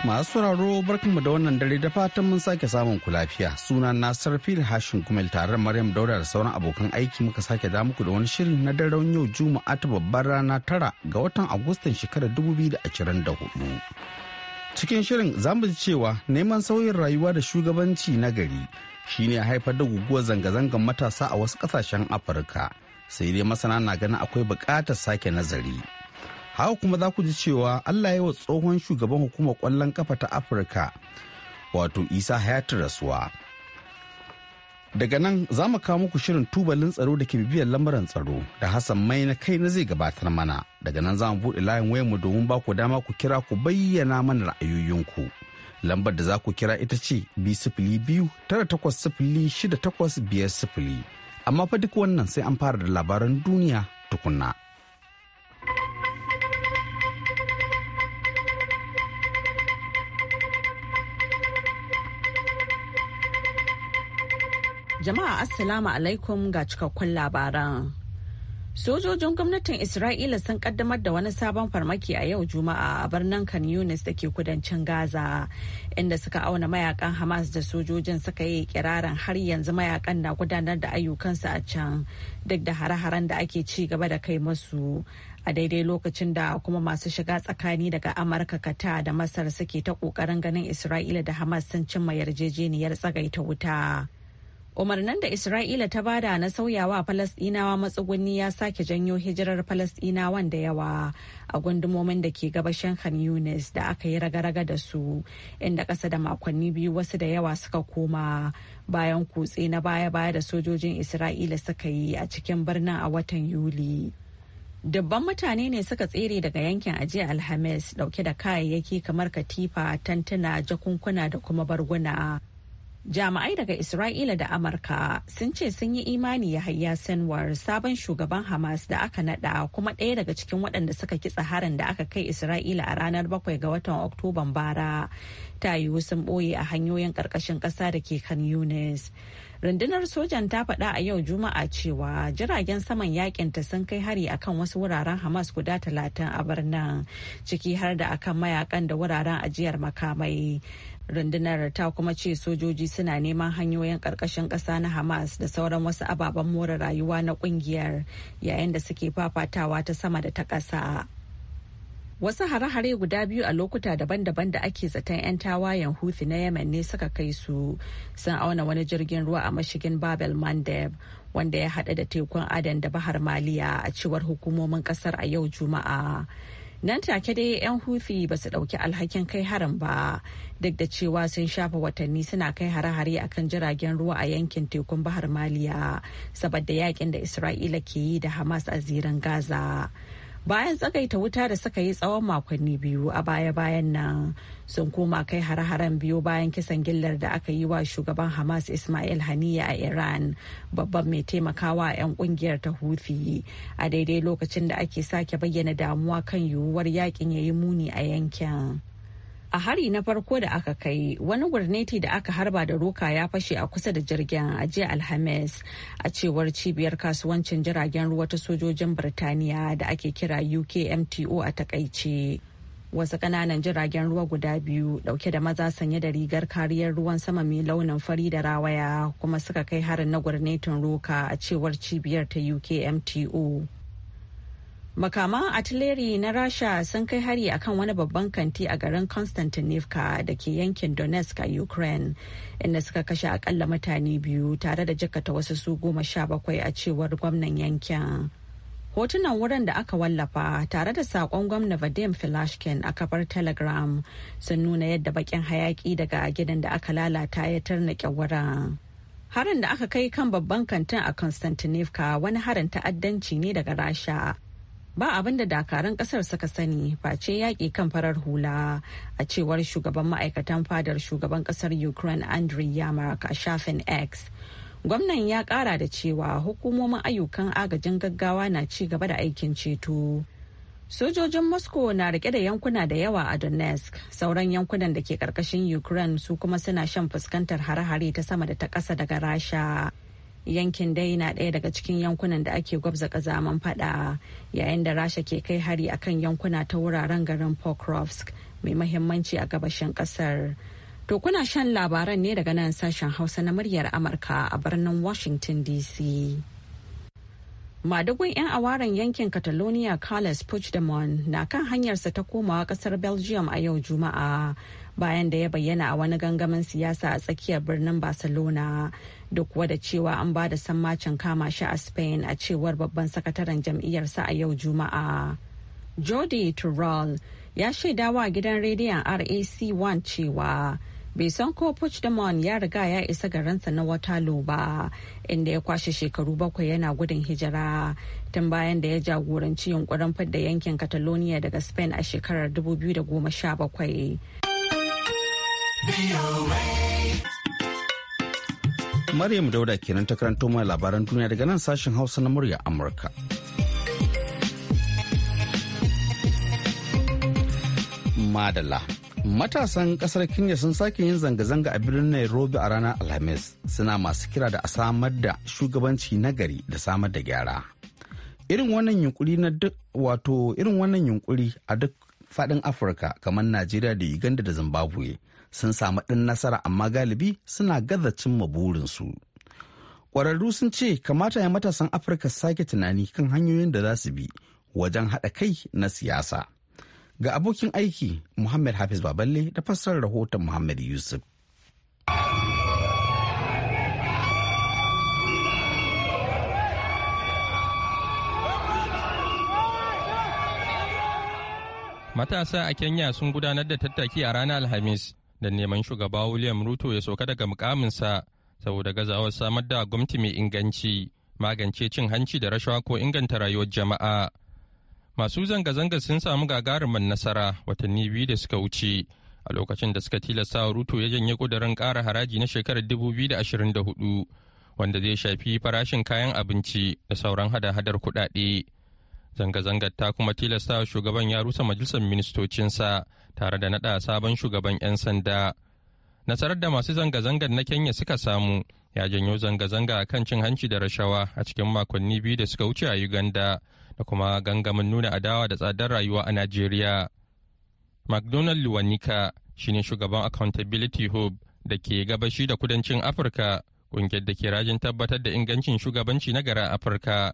Masu sauraro barkanmu da wannan dare da fatan mun sake samun ku lafiya. Suna na Sarfil Hashin Kumel tare da Maryam Dauda da sauran abokan aiki muka sake da muku da wani shirin na daren yau Juma'a ta babbar rana tara ga watan Agustan shekarar 2024. Cikin shirin za mu ji cewa neman sauyin rayuwa da shugabanci na gari shine haifar da guguwar zanga-zangar matasa a wasu kasashen Afirka. Sai dai masana na ganin akwai bukatar sake nazari. haka kuma za ku ji cewa allah ya wa tsohon shugaban hukumar kwallon kafa ta afirka wato isa hayatu rasuwa daga nan za mu kawo muku shirin tubalin tsaro da ke bibiyar lamuran tsaro da hassan mai na kai na zai gabatar mana daga nan za mu buɗe layin mu domin ba ku dama ku kira ku bayyana mana ra'ayoyinku lambar da za ku kira ita ce biyu tara takwas sifili shida takwas biyar sifili amma fa duk wannan sai an fara da labaran duniya tukunna. Jama'a Assalamu alaikum ga cikakkun labaran. Sojojin gwamnatin Isra'ila sun kaddamar da wani sabon farmaki a yau Juma'a a birnin Khan Yunis da ke kudancin Gaza, inda suka auna mayakan Hamas da sojojin suka yi kirarin har yanzu mayakan na gudanar da ayyukansu a can duk da hare-haren da ake ci gaba da kai masu. a daidai lokacin da kuma masu shiga tsakani daga amurka kata da masar suke ta kokarin ganin isra'ila da hamas sun cimma yarjejeniyar tsagaita wuta umarnin da isra'ila ta bada na sauyawa Falasɗinawa matsuguni ya sake janyo hijirar falasdinawan da yawa a gundumomin da ke gabashin khan da aka yi raga-raga da su inda ƙasa da makonni biyu wasu da yawa suka koma bayan kutse na baya-baya da sojojin isra'ila suka yi a cikin birnin a watan yuli dubban mutane ne suka tsere daga yankin ajiya alhamis dauke da kayayyaki kamar katifa tantuna jakunkuna da kuma barguna jami'ai daga isra'ila da amurka sun ce sun yi imani hayya sanwar sabon shugaban hamas da aka nada kuma ɗaya daga cikin waɗanda suka kitsa harin da aka kai isra'ila a ranar bakwai ga watan oktoban bara ta yiwu sun ɓoye a hanyoyin ƙarƙashin ƙasa da ke kan Yunis. Rundunar sojan ta faɗa a yau Juma'a cewa jiragen saman ta sun kai hari akan wasu wuraren Hamas guda talatin a birnin ciki har da akan mayakan da wuraren ajiyar makamai. rundunar ta kuma ce sojoji suna neman hanyoyin ƙarƙashin ƙasa na hamas da sauran wasu ababen more rayuwa na ƙungiyar yayin da suke fafatawa ta sama da ta ƙasa. Wasu hare-hare guda biyu a lokuta daban-daban da ake zaton 'yan tawayen hufi na Yemen ne suka kai su sun auna wani jirgin ruwa a mashigin Babel Mandeb wanda ya hada da tekun Adan da Bahar Maliya a cewar hukumomin kasar a yau Juma'a. nan take dai 'yan hufi ba su dauki alhakin kai harin ba duk da cewa sun shafa watanni suna kai hare-hare akan jiragen ruwa a yankin tekun bahar maliya saboda yakin da isra'ila ke yi da hamas a zirin gaza bayan tsagaita wuta da suka yi tsawon makonni biyu a baya-bayan nan sun koma kai hare-haren biyu bayan kisan gillar da aka yi wa shugaban hamas ismail haniya a iran babban mai taimakawa a 'yan kungiyar ta huthi a daidai lokacin da ake sake bayyana damuwa kan yiwuwar yakin ya yi muni a yankin a hari na farko da aka kai wani gurneti da aka harba da roka ya fashe a kusa da jirgin a jiya alhamis a cewar cibiyar kasuwancin jiragen ruwa ta sojojin birtaniya da ake kira ukmto a takaice wasu kananan jiragen ruwa guda biyu dauke da maza sanye da rigar kariyar ruwan sama mai launin fari da rawaya kuma suka kai harin na gurnetin roka a cewar cibiyar ta ukmto Makaman atileri na Rasha sun kai hari akan wani babban kanti a garin Konstantinivka da ke yankin Donetsk a Ukraine, inda suka kashe akalla mutane biyu tare da jakata wasu su goma sha bakwai a cewar gwamnan yankin. Hotunan wurin da aka wallafa tare da saƙon gwamna Vadim Filashkin a kafar Telegram sun nuna yadda bakin hayaki daga gidan da aka lalata ya tarnaƙe wurin. Harin da aka kai kan babban kantin a Konstantinivka wani harin ta'addanci ne daga Rasha. ba abin da dakaran kasar suka sani face yaƙi kan farar hula a cewar shugaban ma'aikatan fadar shugaban kasar ukraine andriy yamark a shafin x gwamnan ya ƙara da cewa hukumomin ayyukan agajin gaggawa na ci gaba da aikin ceto Sojojin Moscow na rike da yankuna da yawa a Donetsk, sauran yankunan da ke karkashin Ukraine su kuma suna shan fuskantar hare-hare ta sama da ta ƙasa daga Rasha. yankin dai na ɗaya daga cikin yankunan da ake gwabza kazaman faɗa yayin da rasha ke kai hari akan yankuna ta wuraren garin pokrovsk mai mahimmanci a gabashin kasar to kuna shan labaran ne daga nan sashen hausa na muryar amurka a birnin washington dc madagun 'yan awaren yankin Catalonia Carles Puigdemont na kan hanyarsa ta komawa kasar Belgium a yau Juma'a bayan da ya bayyana a wani gangamin siyasa a tsakiyar birnin Barcelona duk wada cewa an ba da sammacin kama shi a Spain a cewar babban sakataren jam'iyyarsa a yau Juma'a. Jody turrell ya shaidawa gidan rediyon RAC1 cewa bai san ko Puigdemont ya riga ya isa garinsa na Watalo ba inda ya kwashe shekaru bakwai yana gudun hijira tun bayan da ya jagoranci yunkurin fidda yankin Catalonia daga Spain a shekarar 2017. Maryam Dauda kenan ta karanto mai labaran duniya daga nan sashen Hausa na murya Amurka. Madala. Matasan kasar Kenya sun sake yin zanga-zanga a birnin Nairobi a ranar Alhamis suna masu kira da a samar da shugabanci nagari da samar da gyara. Irin wannan yunkuri na duk wato irin wannan yunkuri a duk faɗin Afirka kamar Najeriya da Uganda da Zimbabwe sun samu ɗin nasara amma galibi suna gaza cimma burinsu. Ƙwararru sun ce kamata ya matasan Afirka sake tunani kan hanyoyin da za su bi wajen haɗa kai na siyasa. Ga abokin aiki Muhammad Hafiz Baballe da fassarar rahoton Muhammad Yusuf. Matasa a Kenya sun gudanar da tattaki a ranar Alhamis da neman shugaba William Ruto ya sauka daga mukaminsa saboda gazawar samar da gwamnati mai inganci, magance cin hanci da rashawa ko inganta rayuwar jama'a. masu zanga-zanga sun samu gagarumin nasara watanni biyu da suka wuce a lokacin da suka tilasta ruto ya janye kudurin ƙara haraji na shekarar da 2024 wanda zai shafi farashin kayan abinci da sauran hada-hadar kuɗaɗe. Zanga-zangar ta kuma tilasta shugaban ya rusa majalisar ministocinsa tare da naɗa sabon shugaban 'yan sanda. Nasarar da masu zanga-zangar na Kenya suka samu ya janyo zanga-zanga kan cin hanci da rashawa a cikin makonni biyu da suka wuce a Uganda da kuma gangamin nuna adawa da tsadar rayuwa a Najeriya. McDonald Luwanika ne shugaban Accountability Hub da ke gabashi da kudancin Afirka, ƙungiyar da ke rajin tabbatar da ingancin shugabanci na gara Afirka.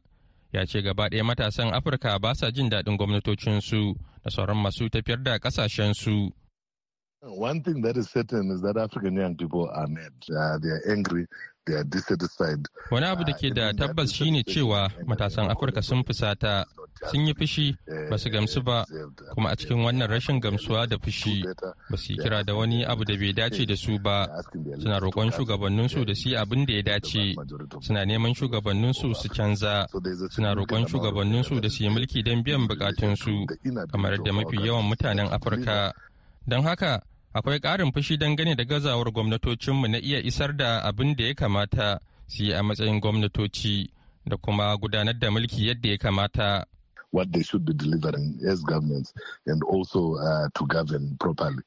Ya ce gaba ɗaya matasan Afirka ba sa jin daɗin gwamnatocinsu da sauran masu tafiyar da ƙasashensu. One thing that is certain is that African young people are mad. Uh, they are angry Wani abu da ke da tabbas shine cewa matasan Afirka sun fusata, sun yi fushi, ba su gamsu ba, kuma a cikin wannan rashin gamsuwa da fushi ba su kira da wani abu da bai dace da su ba, suna roƙon shugabanninsu da su yi abin da ya dace, suna neman shugabanninsu su canza, suna roƙon shugabanninsu da su yi mulki don biyan bukatunsu, kamar da mafi yawan mutanen Afirka. Don haka, akwai ƙarin fushi dangane da gazawar gwamnatocinmu na iya isar da abin da ya kamata su yi a matsayin gwamnatoci da kuma gudanar da mulki yadda ya kamata. What they should be delivering as governments and also uh, to govern properly.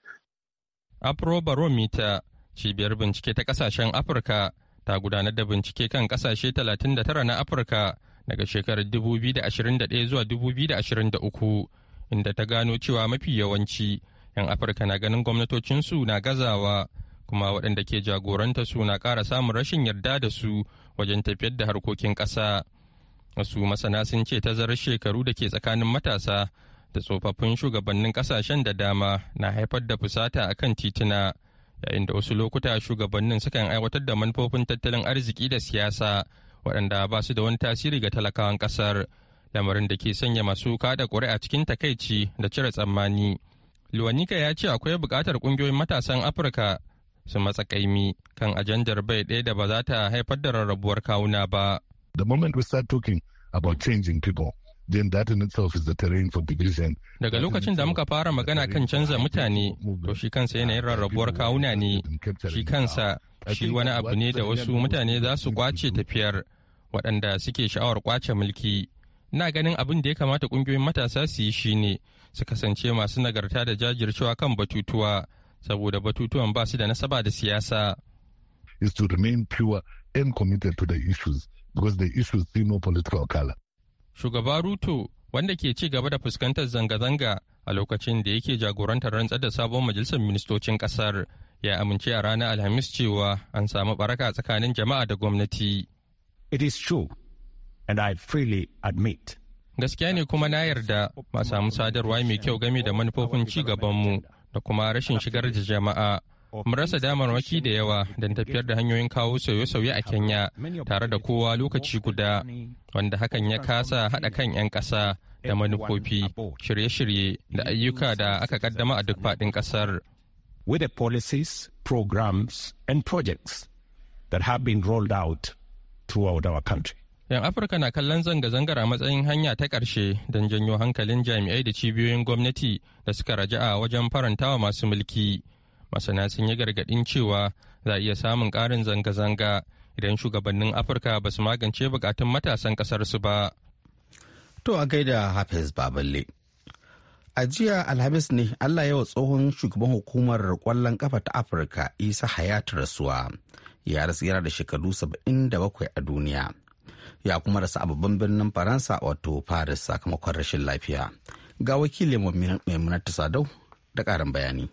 Barometer, cibiyar bincike ta kasashen Afirka ta gudanar da bincike kan kasashe 39 na Afirka daga shekarar 2021 zuwa 2023 inda ta gano cewa mafi yawanci 'yan afirka na ganin gwamnatocinsu na gazawa kuma waɗanda ke jagoranta su na ƙara samun rashin yarda da su wajen tafiyar da harkokin ƙasa wasu masana sun ce tazarar shekaru da ke tsakanin matasa da tsofaffin shugabannin ƙasashen da dama na haifar da fusata a kan tituna yayin da wasu lokuta shugabannin sukan aiwatar da manufofin tattalin arziki da siyasa waɗanda ba su da wani tasiri ga talakawan ƙasar lamarin da ke sanya masu kada ƙuri'a cikin takaici da cire tsammani Luwanika ya ce akwai buƙatar ƙungiyoyin matasan Afirka su matsa kaimi kan ajandar bai ɗaya da ba za ta haifar da rarrabuwar kawuna ba. The moment we start talking about changing people, Daga lokacin da muka fara magana kan canza mutane, to shi kansa yanayin rarrabuwar kawuna ne, shi kansa shi wani abu ne da wasu mutane za su kwace tafiyar waɗanda suke sha'awar kwace mulki. Na ganin abin da ya kamata ƙungiyoyin matasa su yi shi ne su kasance masu nagarta da jajircewa kan batutuwa saboda batutuwan ba su da nasaba da siyasa. is to remain pure and committed to the issues because the issues see no political color. Shugaba Ruto wanda ke ci gaba da fuskantar zanga-zanga a lokacin da yake jagorantar rantsar da sabon majalisar ministocin kasar ya amince a ranar Alhamis cewa an samu baraka tsakanin jama'a da gwamnati. It is true and I freely admit Gaskiya ne kuma na yarda ma samu sadarwa mai kyau game da manufofin ci gabanmu da kuma rashin shigar da jama'a. Mun rasa damar waki da yawa don tafiyar da hanyoyin kawo sauye-sauye a Kenya tare da kowa lokaci guda, wanda hakan ya kasa haɗa kan 'yan ƙasa da manufofi, shirye-shirye da ayyuka da aka kaddama a duk faɗin ƙasar. With the policies, programs and projects that have been rolled out throughout our country. 'Yan Afirka na kallon zanga-zangar a matsayin hanya ta karshe don janyo hankalin jami'ai da cibiyoyin gwamnati da suka a wajen farantawa masu mulki. Masana sun yi gargaɗin cewa za a iya samun ƙarin zanga-zanga idan shugabannin Afirka ba su magance bukatun matasan ƙasarsu ba. To a gaida Hafiz Baballe. A jiya Alhamis ne Allah yawa tsohon shugaban hukumar kwallon kafa ta Afirka Isa Hayatu rasuwa. Ya rasu yana da shekaru saba'in da bakwai a duniya. ya kuma rasa a babban birnin faransa wato paris sakamakon rashin lafiya ga wakilin maimunatu sadau da karin bayani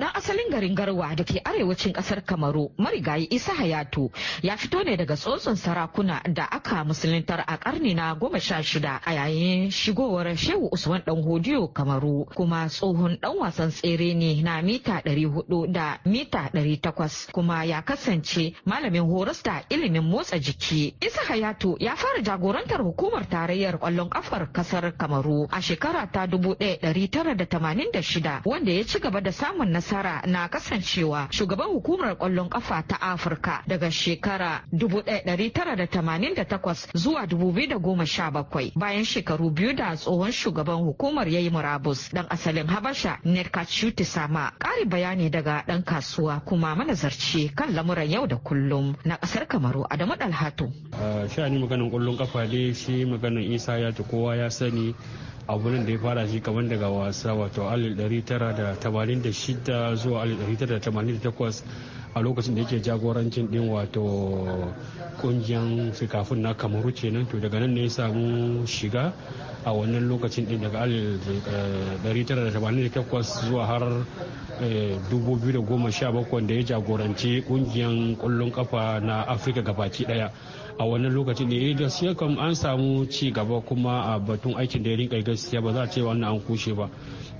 Dan asalin garin Garwa da ke arewacin kasar Kamaru, marigayi Isa Hayatu ya fito ne daga tsotson sarakuna da aka musuluntar a karni na goma sha shida a yayin shigowar Shehu Usman Dan Hodiyo Kamaru kuma tsohon dan wasan tsere ne na mita ɗari hudu da mita ɗari takwas kuma ya kasance malamin horasta ilimin motsa jiki. Isa Hayatu ya fara jagorantar hukumar tarayyar kwallon kafar kasar Kamaru a shekara ta dubu ɗaya da da tamanin shida wanda ya ci gaba da samun nasara nasara na kasancewa shugaban hukumar kwallon kafa ta Afirka daga shekara 1988 zuwa 2017 bayan shekaru biyu da tsohon shugaban hukumar ya yi murabus dan asalin Habasha Nerkachuti Sama. Ƙari bayani daga dan kasuwa kuma manazarci kan lamuran yau da kullum na ƙasar Kamaru Adamu Dalhatu. shani maganin kwallon kafa dai shi maganin Isa ya kowa ya sani abun da ya fara shi kamar daga wasa wato 1986 zuwa 1988 a lokacin da yake jagorancin din wato kungiyan kafin na kamaru kenan to daga nan ne ya samu shiga a wannan lokacin din daga 1988 zuwa har 2017 eh, da ya jagoranci kungiyan kullun kafa na afirka gabaki daya a wannan lokacin ne eh, siya kam an samu ci gaba kuma a batun aikin da ya rinka gaskiya ba za a ce wannan an kushe ba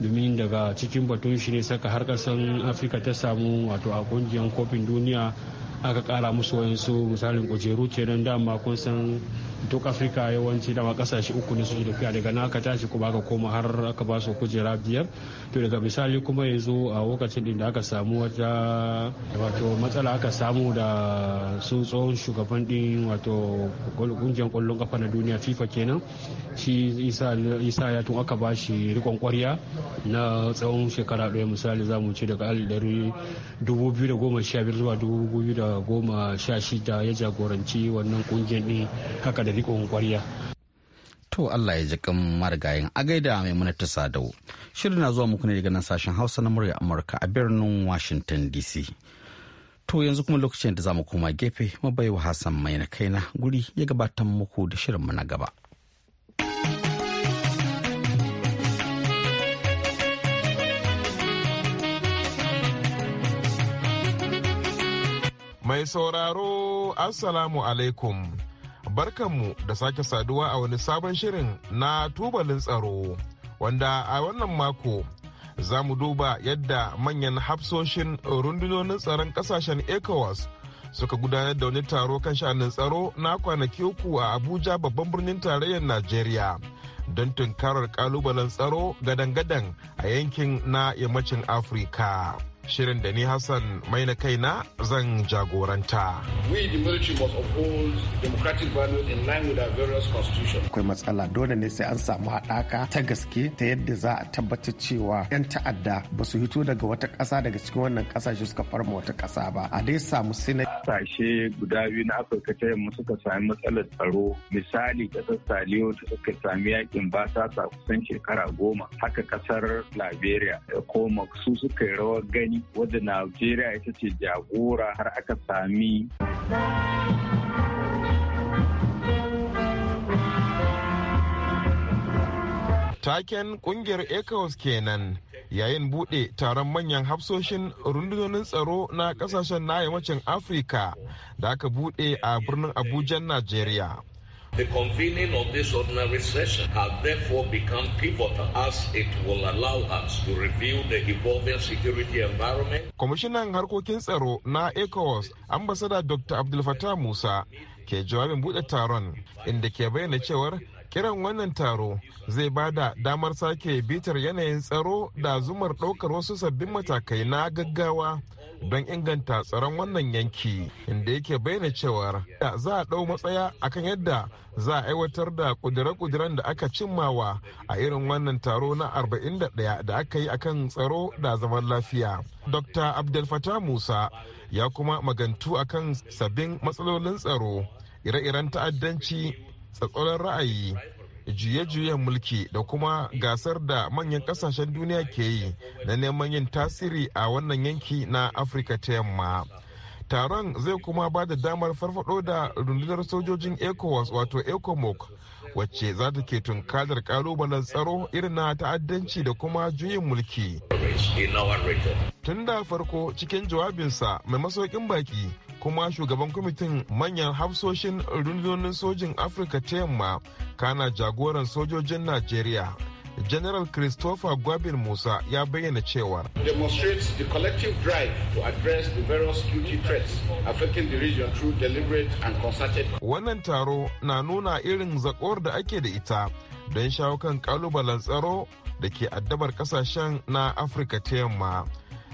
domin daga cikin batun shi ne saka har kasan afirka ta samu wato a kungiyar kofin duniya aka kara musu wayansu misalin kujeru kenan dama kun san duk afirka yawanci dama kasashe uku ne suke tafiya daga naka tashi kuma aka koma har aka ba su kujera biyar to daga misali kuma ya zo a lokacin din da aka samu wata wato matsala aka samu da su tsohon shugaban din wato kungiyar kwallon kafa na duniya fifa kenan shi isa ya tun aka ba shi rikon kwarya na tsawon shekara ɗaya misali za mu ce daga 2015 zuwa 2016 ya jagoranci wannan kungiyar din haka da riƙon kwariya. To Allah ya jikin marigayin marigayin agaida mai ta sadau. Shirin na zuwa muku ne daga nan sashen Hausa na murya Amurka a birnin Washington DC. To yanzu kuma lokacin da za mu koma gefe wa Hassan mai na kaina guri ya gabatar muku da shirin mu na gaba. Mai sauraro, Assalamu alaikum. barkanmu da sake saduwa a wani sabon shirin na tubalin tsaro wanda a wannan mako za mu duba yadda manyan hafsoshin rundunonin tsaron kasashen ecowas suka gudanar da wani taro kan sha'anin tsaro na kwanaki uku a abuja babban birnin tarayyar najeriya don tunkarar kalubalen tsaro gadan-gadan a yankin na yammacin afirka Shirin da ni Hassan mai na kaina zan jagoranta. Akwai matsala dole ne sai an samu haɗaka ta gaske ta yadda za a tabbatar cewa 'yan ta'adda ba su hito daga wata ƙasa daga cikin wannan ƙasashe suka farma wata ƙasa ba. A dai samu sinai. Ƙasashe guda biyu na Afirka ta yamma suka sami matsalar tsaro misali ƙasar Saliyo ta suka sami yakin basasa kusan shekara goma haka ƙasar Liberia da Comox su suka yi rawar gani wadda najeriya ita ce jagora har aka sami taken kungiyar ecowas kenan yayin bude taron manyan hafsoshin rundunonin tsaro na kasashen na yammacin afirka da aka bude a birnin abuja najeriya The convening of this ordinary session has therefore become pivotal as it will allow us to review the evolving security environment. Kwamishinan harkokin tsaro na ECOWAS, ambasada Dr. AbdulFatah Musa ke jawabin bude taron inda ke bayyana cewar kiran wannan taro zai ba da damar sake bitar yanayin tsaro da zumar ɗaukar wasu sabbin matakai na gaggawa don inganta tsaron wannan yanki inda yake bayyana cewar za a ɗau matsaya akan yadda za a aiwatar da kudire-kudiren da aka cimmawa a irin wannan taro na 41 da aka yi akan tsaro da zaman lafiya. Dr. Abdel Fattah Musa ya kuma magantu akan sabbin matsalolin tsaro, ire-iren ta'addanci, tsatsauran ra'ayi, juye-juyen mulki da kuma gasar da manyan kasashen duniya ke yi na neman yin tasiri a wannan yanki na afirka ta yamma taron zai kuma ba da damar farfado da rundunar sojojin ecowas wato ecomoc wacce za ta ke tunkadar kalubalen tsaro irin na ta'addanci da kuma juyin mulki tun da farko cikin jawabinsa mai masaukin baki kuma shugaban kwamitin manyan hafsoshin rundunonin sojin afirka ta yamma kana jagoran sojojin najeriya general christopher gwabin musa ya bayyana cewa demonstrates the collective drive to address the various security threats affecting the region deliberate and concerted wannan taro na nuna irin zakor da ake da ita don shawo kan kalubalen tsaro da ke addabar kasashen na afirka ta yamma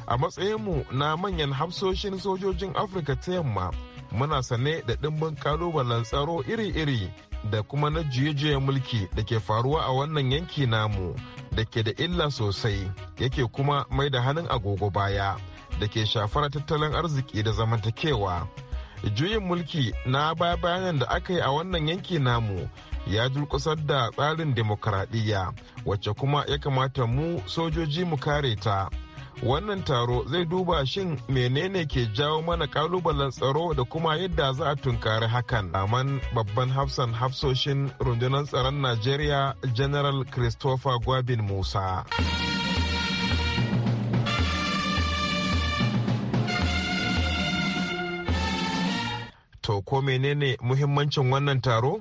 a matsayin mu na manyan hafsoshin sojojin afirka ta yamma muna sane da ɗimbin kalubalen tsaro iri-iri da kuma na juye-juye mulki da ke faruwa a wannan yanki namu da ke da illa sosai yake kuma mai da hannun agogo baya da ke shafar tattalin arziki da zamantakewa juyin mulki na baya bayanan da aka yi a wannan yanki namu ya durkusar da tsarin demokaradiyya wacce kuma ya kamata mu sojoji mu kare ta wannan taro zai duba shin menene ke jawo mana kalubalen tsaro da kuma yadda za a tunkari hakan aman babban hafsan hafsoshin rundunar tsaron najeriya general christopher gwabin musa to ko menene muhimmancin wannan taro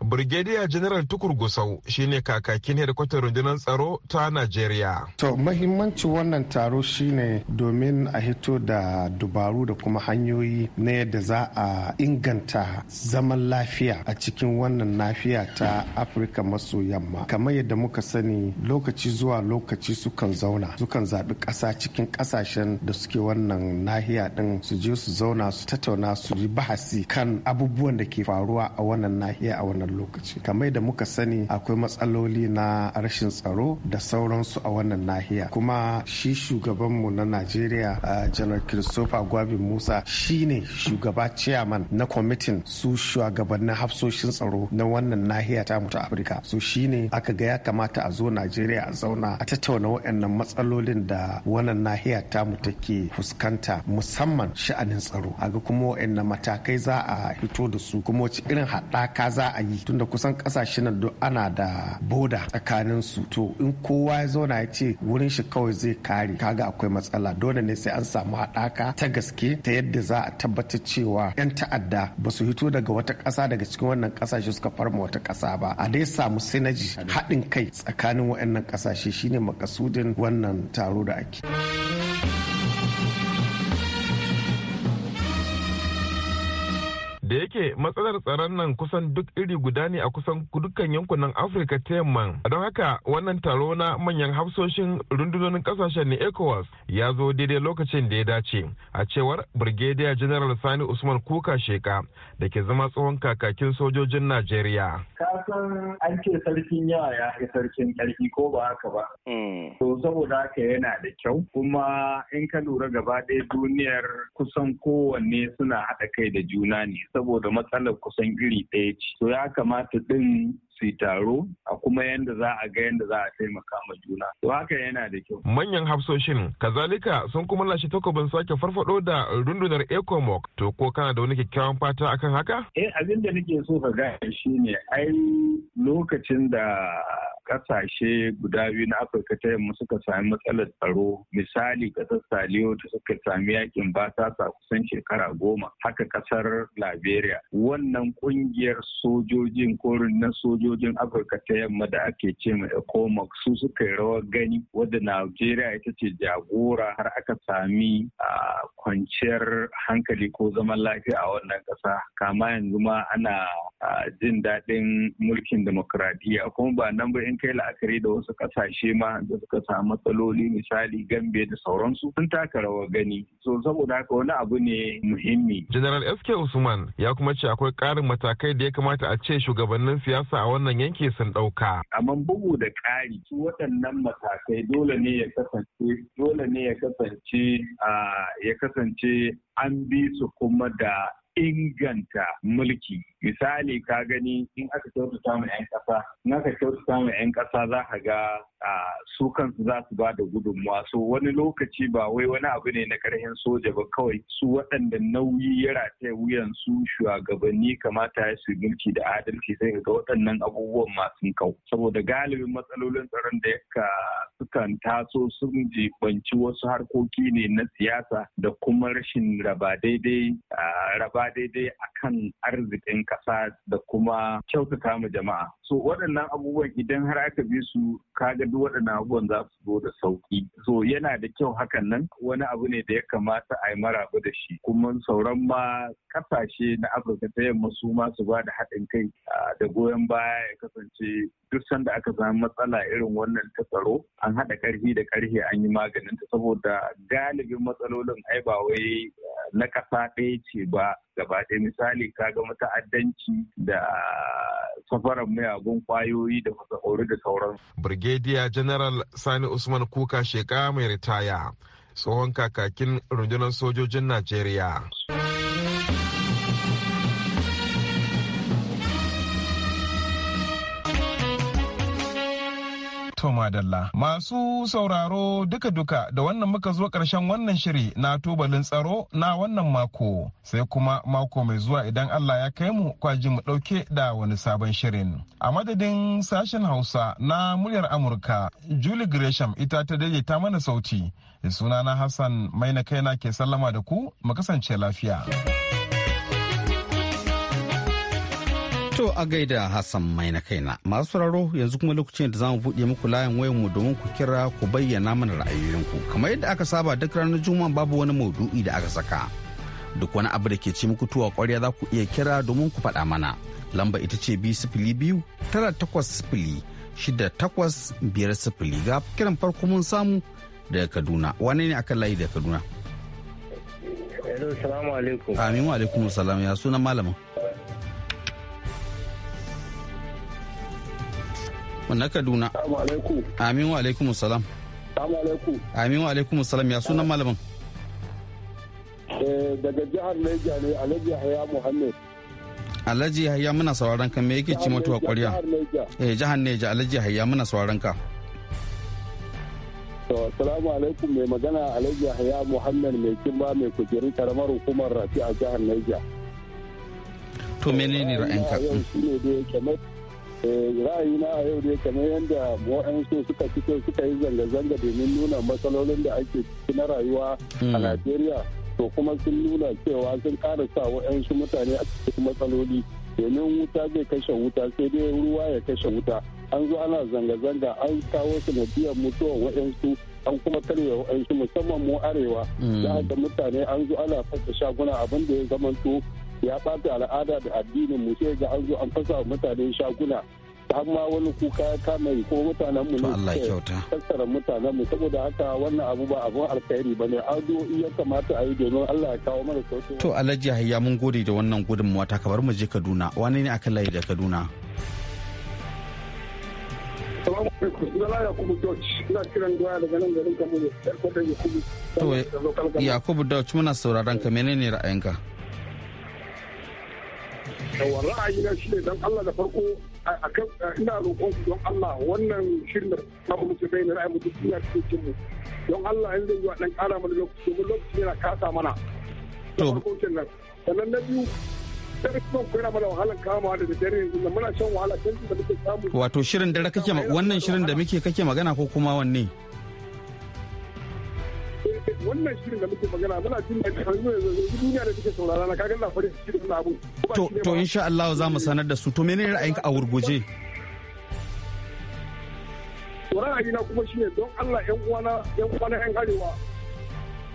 Brigadier General Tukur Gusau shine kakakin hedikwatar rundunar tsaro ta Najeriya. To mahimmanci wannan taro shine domin a hito da dubaru da kuma hanyoyi na yadda za a inganta zaman lafiya a cikin wannan lafiya ta Afirka maso yamma. Kamar yadda muka sani lokaci zuwa lokaci sukan zauna sukan zaɓi ƙasa cikin ƙasashen da suke wannan nahiya ɗin su je su zauna su tattauna su yi bahasi kan abubuwan da ke faruwa a wannan nahiya a wannan wannan lokaci kamar da muka sani akwai matsaloli na rashin tsaro da sauransu a wannan nahiya kuma shi shugabanmu na najeriya janar christopher gwabi musa shine shugaba chairman na kwamitin su shugabannin hafsoshin tsaro na wannan nahiya ta mutu afirka so shine aka ga ya kamata a zo najeriya a zauna a tattauna waɗannan matsalolin da wannan nahiya ta mu take fuskanta musamman sha'anin tsaro a ga kuma waɗannan matakai za a hito da su kuma wace irin haɗaka za a yi tunda kusan ƙasashen nan duk ana da boda tsakanin su to in kowa ya zauna ya ce wurin shi kawai zai kare kaga akwai matsala dole ne sai an samu haɗaka ta gaske ta yadda za a tabbatar cewa 'yan ta'adda ba su hito daga wata ƙasa daga cikin wannan ƙasashe suka farma wata ƙasa ba a dai samu sinaji haɗin kai tsakanin waɗannan ƙasashe shine makasudin wannan taro da ake. yake matsalar tsaron nan kusan duk iri guda ne a kusan dukkan yankunan afirka ta yamma don haka wannan taro na manyan hafsoshin rundunonin kasashen ne ecowas ya zo daidai lokacin da ya dace a cewar brigadier general sani usman kuka sheka da ke zama tsohon kakakin sojojin najeriya kasan an sarkin yawa ya fi sarkin karfi ko ba haka ba hmm. to saboda haka yana da kyau kuma in ka lura gaba ɗaya duniyar kusan kowanne suna haɗa kai da juna ne saboda matsalar kusan iri ɗaya ce to ya kamata ɗin su yi taro a kuma yadda za a ga yadda za a taimaka ma juna to haka yana da kyau manyan hafsoshin kazalika sun kuma lashe takobin sake farfaɗo da rundunar ecomoc to ko kana da wani kyakkyawan fata akan haka eh abin da nake so ka gane shine ai lokacin da kasashe guda biyu na afirka ta yamma suka sami matsalar tsaro misali kasar saliyo da suka sami yakin basasa kusan shekara goma haka kasar liberia wannan kungiyar sojojin korin na sojojin afirka ta yamma da ake ce ma ecomox su suka yi rawar gani wadda najeriya ita ce jagora har aka sami kwanciyar hankali ko zaman lafiya a wannan kasa kama yanzu ma ana jin daɗin mulkin demokradiyya kuma ba nan ba kai la'akari da wasu kasashe ma da suka samu matsaloli misali gambe da sauransu sun taka rawar gani so saboda haka wani abu ne muhimmi general sk usman ya kuma ce akwai karin matakai da ya kamata a ce shugabannin siyasa a wannan yanki sun dauka amma bugu da kari su waɗannan matakai dole ne ya kasance dole ne ya kasance ya kasance an bi su kuma da inganta mulki misali ka gani in aka kyautata mu 'yan ƙasa in aka kyautata mu 'yan ƙasa za ka ga su kansu za su ba da gudunmuwa so wani lokaci ba wai wani abu ne na karhin soja ba kawai su waɗanda nauyi ya rataya wuyan su shugabanni kamata ya su mulki da adalci sai ga waɗannan abubuwan masu kau saboda galibin matsalolin tsaron da yaka sukan taso sun jibanci wasu harkoki ne na siyasa da kuma rashin raba daidai raba daidai akan arzikin ƙasa da kuma kyautata mu jama'a. So waɗannan abubuwan idan har aka bi su kaga duk waɗannan abubuwan za su zo da sauƙi. So yana da kyau hakan nan wani abu ne da ya kamata a yi maraba da shi. Kuma sauran ma ƙasashe na Afirka ta yamma su ma su ba da haɗin kai da goyon baya ya kasance duk sanda aka samu matsala irin wannan ta tsaro an haɗa ƙarfi da ƙarfi an yi maganin ta saboda galibin matsalolin ai ba wai na ƙasa ɗaya ce ba gaba ɗaya misali kaga mata'addanci da safarar miyagun kwayoyi da fasahori da sauran Birgediya General Sani Usman Kuka Sheka mai ritaya tsohon kakakin rundunar sojojin Najeriya. To madalla. Masu sauraro duka-duka da wannan muka zo karshen wannan shiri na tubalin tsaro na wannan mako. Sai kuma mako mai zuwa idan Allah ya kai mu kwaji mu ɗauke da wani sabon shirin. A madadin sashen Hausa na muryar Amurka, Julie Gresham ita ta daidaita mana sauti. Sunana Hassan mainakaina ke sallama da ku, mu kasance lafiya. To a gaida Hassan mai na kaina. Masu sauraro yanzu kuma lokacin da zamu buɗe muku layin wayanmu domin ku kira ku bayyana mana ra'ayoyinku. Kamar yadda aka saba duk ranar Juma'a babu wani maudu'i da aka saka. Duk wani abu da ke ci muku tuwa ƙwarya za ku iya kira domin ku faɗa mana. Lamba ita ce biyu sifili biyu tara takwas sifili shida takwas biyar sifili ga kiran farko mun samu daga Kaduna. Wane ne akan layi daga Kaduna? Hello, salamu alaikum. Amin wa alaikum salam ya sunan malamin. na kaduna amin wa alaikum salam amin wa alaikum salam ya sunan malamin eh, daga jihar Niger ne alhaji haya muhammad alhaji haya muna sauraron ka me yake ci a kwariya eh jihar Niger alhaji haya muna sauraron ka to assalamu alaikum mai magana alhaji haya muhammad mai kimba mai kujeru karamar hukumar rafi a jihar Niger to menene ra'ayinka yau shine dai kamar Eh, ra'ayina a yau ne kamar yadda waɗansu suka fito suka yi zanga-zanga domin nuna matsalolin da ake ciki na rayuwa a hmm. najeriya to kuma sun nuna cewa sun ƙara sa waɗansu mutane a cikin matsaloli domin wuta zai kashe wuta sai dai ruwa ya kashe wuta an zo ana zanga-zanga an kawo sanadiyar mutuwar waɗansu an kuma karya waɗansu musamman mu arewa da hmm. haka mutane an zo ana fasa shaguna abin da ya zamanto ya ɓata al'ada da addinin mu sai ga an zo an fasa mutane shaguna har ma wani kuka ya kama yi ko mutanen mu ne Allah kyauta tattara mutanen mu saboda haka wannan abu ba abun alkhairi bane zo iya kamata a yi domin Allah ya kawo mana sauki to Alhaji hayya mun gode da wannan gudunmuwa ta kabar mu je Kaduna wani ne akan layi da Kaduna Yakubu Dauch, kiran doya daga nan Yakubu muna sauraron ka menene ra'ayinka? shi ne don Allah da farko ina roƙon su don Allah wannan shirin da ra'ayi suna cikin don Allah yanzu wa ɗan ƙara mana lokaci domin lokaci yana To. na biyu Wato shirin wannan shirin da muke kake magana ko kuma wanne? wannan shirin da muke magana muna jin da duniya da take saurara na kaga na farin cikin wannan abu to to insha Allah za mu sanar da su to menene ra'ayinka a wurguje ra'ayina kuma shine don Allah yan uwana yan uwana yan arewa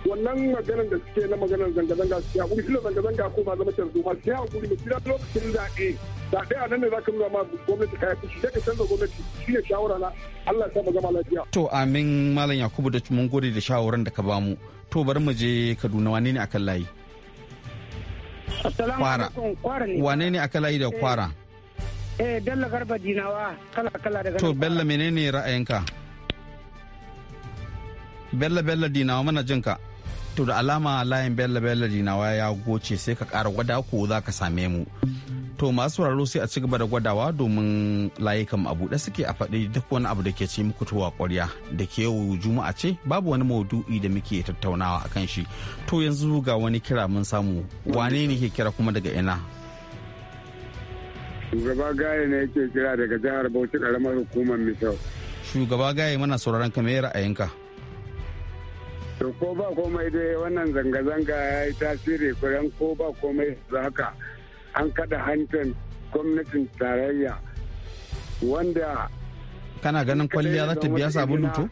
wannan maganar da suke na maganar zanga-zanga su ya kuri zanga-zanga ko ma zama canzo ma su ya kuri mu kira lokacin zaɓe zaɓe a nan ne za ka nuna ma gwamnati kaya fushi sai ka canza gwamnati shi ne shawara na Allah ya sa mu zama lafiya. To amin Malam Yakubu da mun gode da shawaran da ka mu to bari mu je Kaduna wane ne akan layi? Kwara. Wane ne akan layi da eh, kwara? Eh Bello Garba Dinawa kala kala daga. To Bello menene ra'ayinka? bello bello dinawa mana jinka to da alama layin bella bello dinawa ya goce sai ka kara gwada ko za ka same mu to masu sauraro sai a ci gaba da gwadawa domin layukan a buɗe suke a faɗi duk wani abu da ke ci muku tuwa ƙwarya da ke yau juma'a ce babu wani maudu'i da muke tattaunawa a kan shi to yanzu ga wani kira mun samu wane ne ke kira kuma daga ina shugaba gaya ne yake kira daga jihar bauchi ƙaramar hukumar misau shugaba gaya mana sauraron ka a ra'ayinka to ko ba komai dai wannan zanga-zanga ya yi tasiri kuran ko ba komai da haka an kada hantan gwamnatin tarayya wanda kana ganin kwalliya za ta biya sabulu to?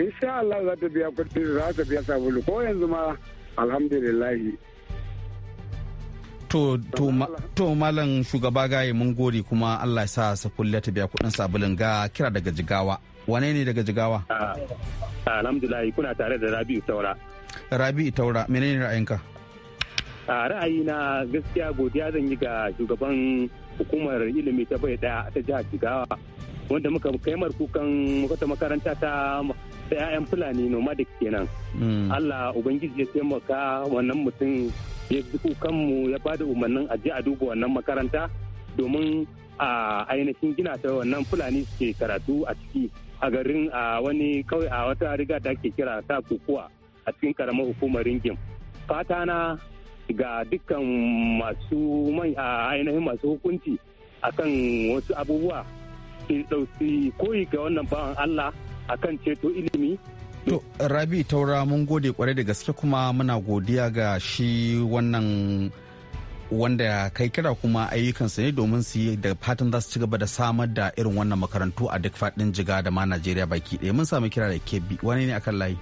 insha Allah za ta biya kudi za ta biya sabulu ko yanzu ma alhamdulillah to to malam shugaba gaye mun gori kuma Allah ya sa kulle ta biya kudin sabulun ga kira daga jigawa wane ne daga jigawa alhamdulahi kuna tare da rabi'u taura rabi'u taura menene ra'ayinka a ra'ayina gaskiya godiya zan yi ga shugaban hukumar ilimi ta bai daya ta jihar jigawa wanda muka kai kukan wata makaranta ta 'ya'yan fulani nomadic kenan hmm. allah ubangiji ya taimaka wannan mutum ya ji kukanmu ya bada umarnin a je a duba wannan makaranta domin a ainihin gina ta wannan fulani suke karatu a ciki a garin a wani kawai a wata riga da ake kira ta kukuwa a cikin karamar hukumar ringin fata na ga dukkan masu mai a ainihin masu hukunci a kan wasu abubuwa su ɗauki koyi ga wannan bawan Allah a kan ceto ilimi To, Rabi Taura mun gode kwarai da gaske kuma muna godiya ga shi wannan wanda kai kira kuma ayyukansu ne domin su yi da fatan za su ci gaba da samar da irin wannan makarantu a duk faɗin jiga da ma najeriya baki ɗaya mun samu kira da kebbi wani ne akan layi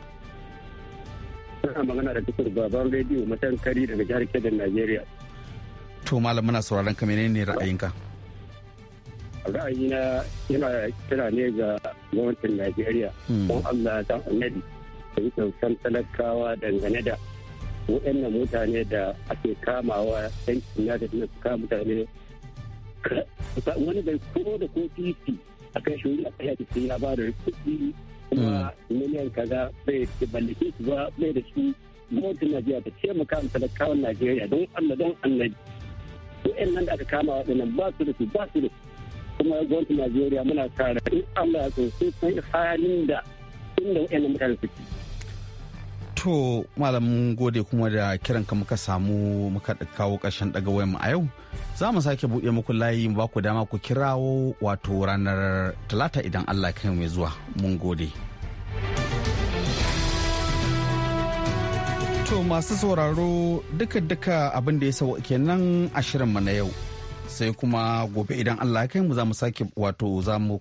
Ina magana da tukur baban rediyo matankari daga jihar na najeriya to malam muna sauraron ka menene ra'ayinka ra'ayina yana kira ne ga gwamnatin najeriya hmm. don allah ta annabi Ta yi talakawa dangane da waɗannan mutane da ake kamawa yan kina da suna suka mutane wani bai kuro da ko titi a kan shi a kai ake ya ba da kuɗi kuma mm. miliyan kaza bai da ballake su ba bai da shi gwamnatin Najeriya ta ce ma talakawan Najeriya don Allah don Allah nan da aka kama waɗannan ba su da su ba su da su kuma Gwamnati Najeriya muna tare in Allah ya so sai halin da inda waɗannan mutane suke. To malamin gode kuma da kiran ka muka samu muka kawo ƙarshen daga wayan mu a yau. Za mu sake buɗe muku layi ba ku dama ku kirawo wato ranar talata idan Allah kai mai zuwa. Mun gode. To masu sauraro duka-duka abin da ya sauwa kenan a shirinmu na yau. Sai kuma gobe idan Allah kai mu za mu sake wato za mu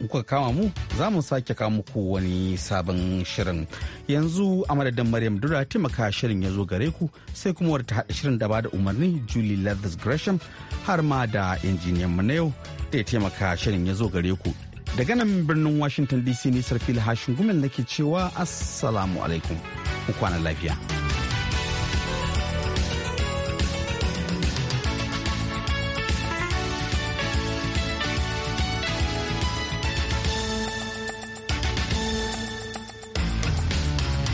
in kuka kama mu za mu sake kawo muku wani sabon shirin yanzu a madadin maryam dura taimaka shirin ya zo gare ku sai kuma wadda ta haɗa shirin da ba da umarni julie leathers gresham har ma da injiniyan mu na yau da ya taimaka shirin ya zo gare ku daga nan birnin washington dc ne sarfi hashin gumel nake cewa assalamu alaikum ku kwana lafiya.